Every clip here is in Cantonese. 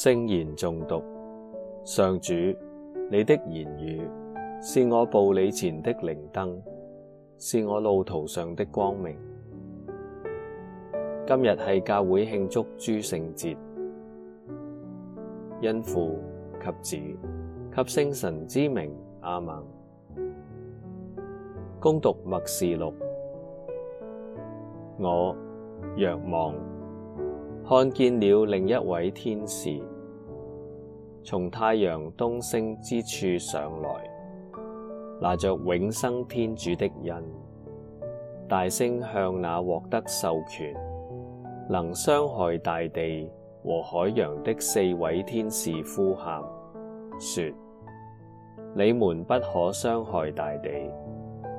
聖言誦讀。上主，你的言語是我步履前的靈燈，是我路途上的光明。今日係教會慶祝諸聖節，因父及子及聖神之名，阿門。恭讀默示錄，我若望。看見了另一位天使，從太陽東升之處上來，拿着永生天主的印，大聲向那獲得授權、能傷害大地和海洋的四位天使呼喊，說：你們不可傷害大地、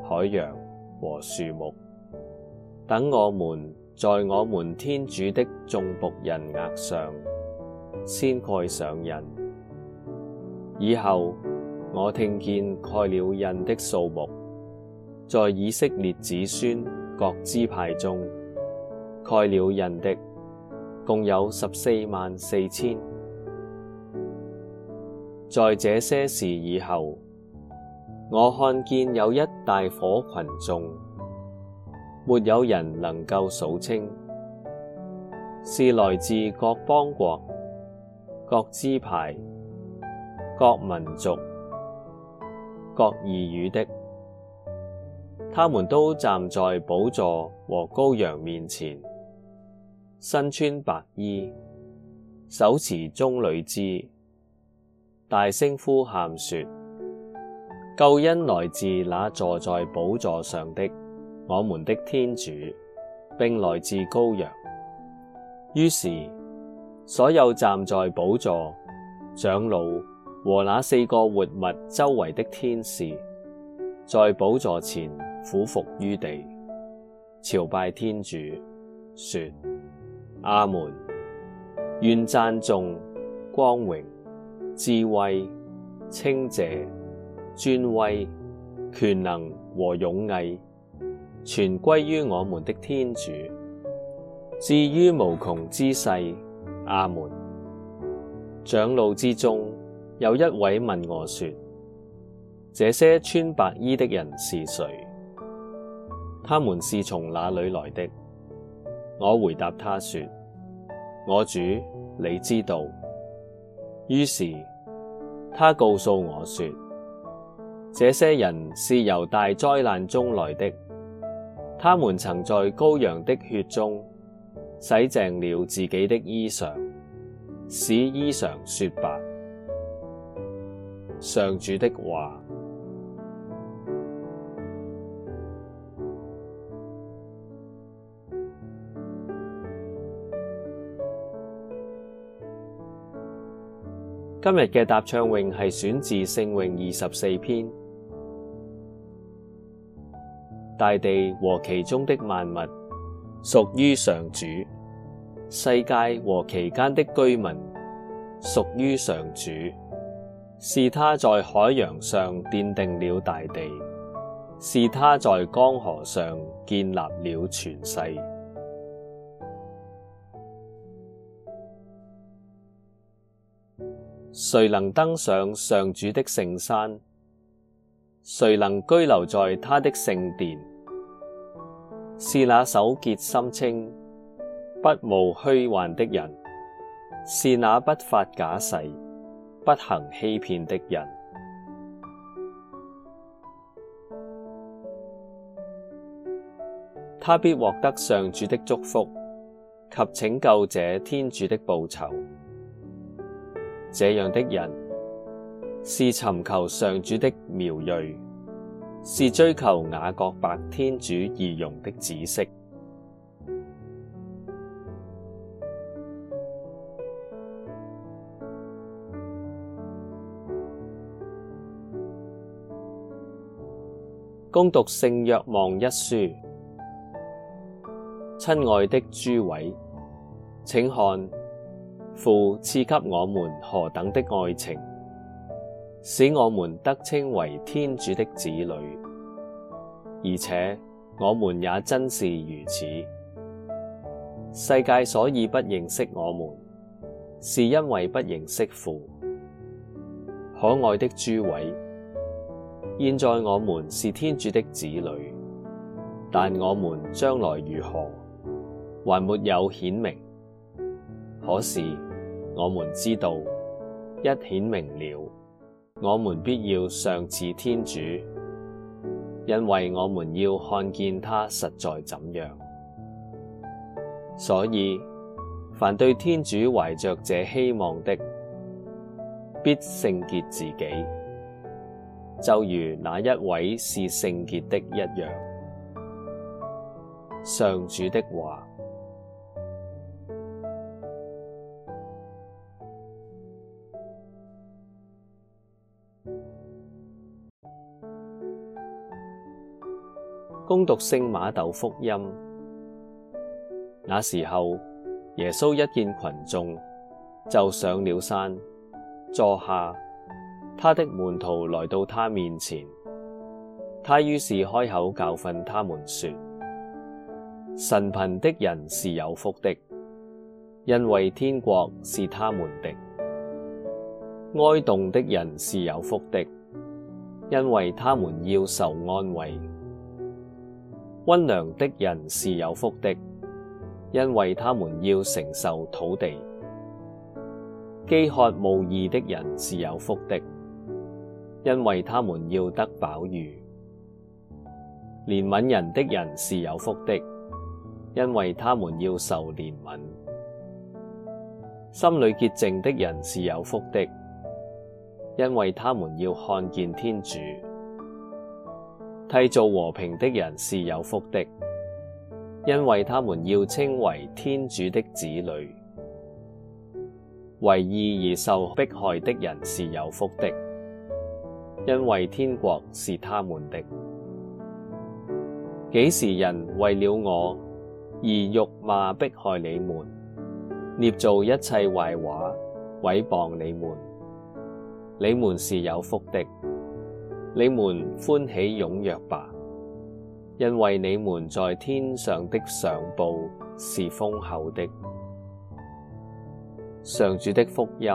海洋和樹木，等我們。在我們天主的眾僕人額上，先蓋上印，以後我聽見蓋了印的數目，在以色列子孫各支派中蓋了印的，共有十四萬四千。在這些事以後，我看見有一大夥群眾。沒有人能夠數清，是來自各邦國、各支派、各民族、各異語的，他們都站在寶座和羔羊面前，身穿白衣，手持棕櫚枝，大聲呼喊說：救恩來自那坐在寶座上的。我們的天主，並來自羔羊。於是，所有站在寶座、長老和那四個活物周圍的天使，在寶座前俯伏於地，朝拜天主，說：“阿門，願讚頌、光榮、智慧、稱謝、尊威、權能和勇毅。”全歸於我們的天主，至於無窮之世，阿門。長老之中有一位問我說：這些穿白衣的人是誰？他們是從哪裏來的？我回答他說：我主，你知道。於是他告訴我說：這些人是由大災難中來的。他們曾在羔羊的血中洗淨了自己的衣裳，使衣裳雪白。上主的話：今日嘅答唱詠係選自聖詠二十四篇。大地和其中的萬物屬於上主，世界和其間的居民屬於上主。是他在海洋上奠定了大地，是他在江河上建立了全世。誰能登上上主的聖山？誰能居留在他的聖殿？是那手潔心清、不慕虛幻的人，是那不發假誓、不行欺騙的人，他必獲得上主的祝福及拯救者天主的報酬。這樣的人是尋求上主的苗裔，是追求雅各伯天主儀容的子息。恭讀聖若望一書，親愛的諸位，請看父賜給我們何等的愛情。使我們得稱為天主的子女，而且我們也真是如此。世界所以不認識我們，是因為不認識父。可愛的諸位，現在我們是天主的子女，但我們將來如何，還沒有顯明。可是我們知道，一顯明了。我們必要相似天主，因為我們要看見他實在怎樣。所以，凡對天主懷着這希望的，必聖潔自己，就如那一位是聖潔的一樣。上主的話。恭讀聖馬竇福音，那時候，耶穌一見群眾，就上了山坐下，他的門徒來到他面前，他於是開口教訓他們說：神貧的人是有福的，因為天國是他們的；哀慟的人是有福的，因為他們要受安慰。溫良的人是有福的，因為他們要承受土地；飢渴慕義的人是有福的，因為他們要得飽飫；憐憫人的人是有福的，因為他們要受憐憫；心裡潔淨的人是有福的，因為他們要看見天主。締造和平的人是有福的，因為他們要稱為天主的子女；為義而受迫害的人是有福的，因為天國是他們的。幾時人為了我而辱罵迫害你們，捏造一切壞話毀謗你們，你們是有福的。你們歡喜踊躍吧，因為你們在天上的賞報是豐厚的。上主的福音。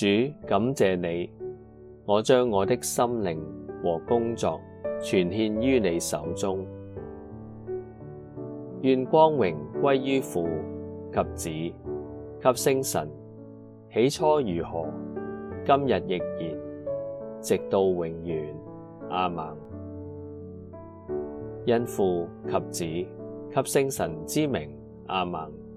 主，感謝你，我將我的心靈和工作全獻於你手中。願光榮歸於父及子及聖神，起初如何，今日亦然，直到永遠，阿門，因父及子及聖神之名，阿門。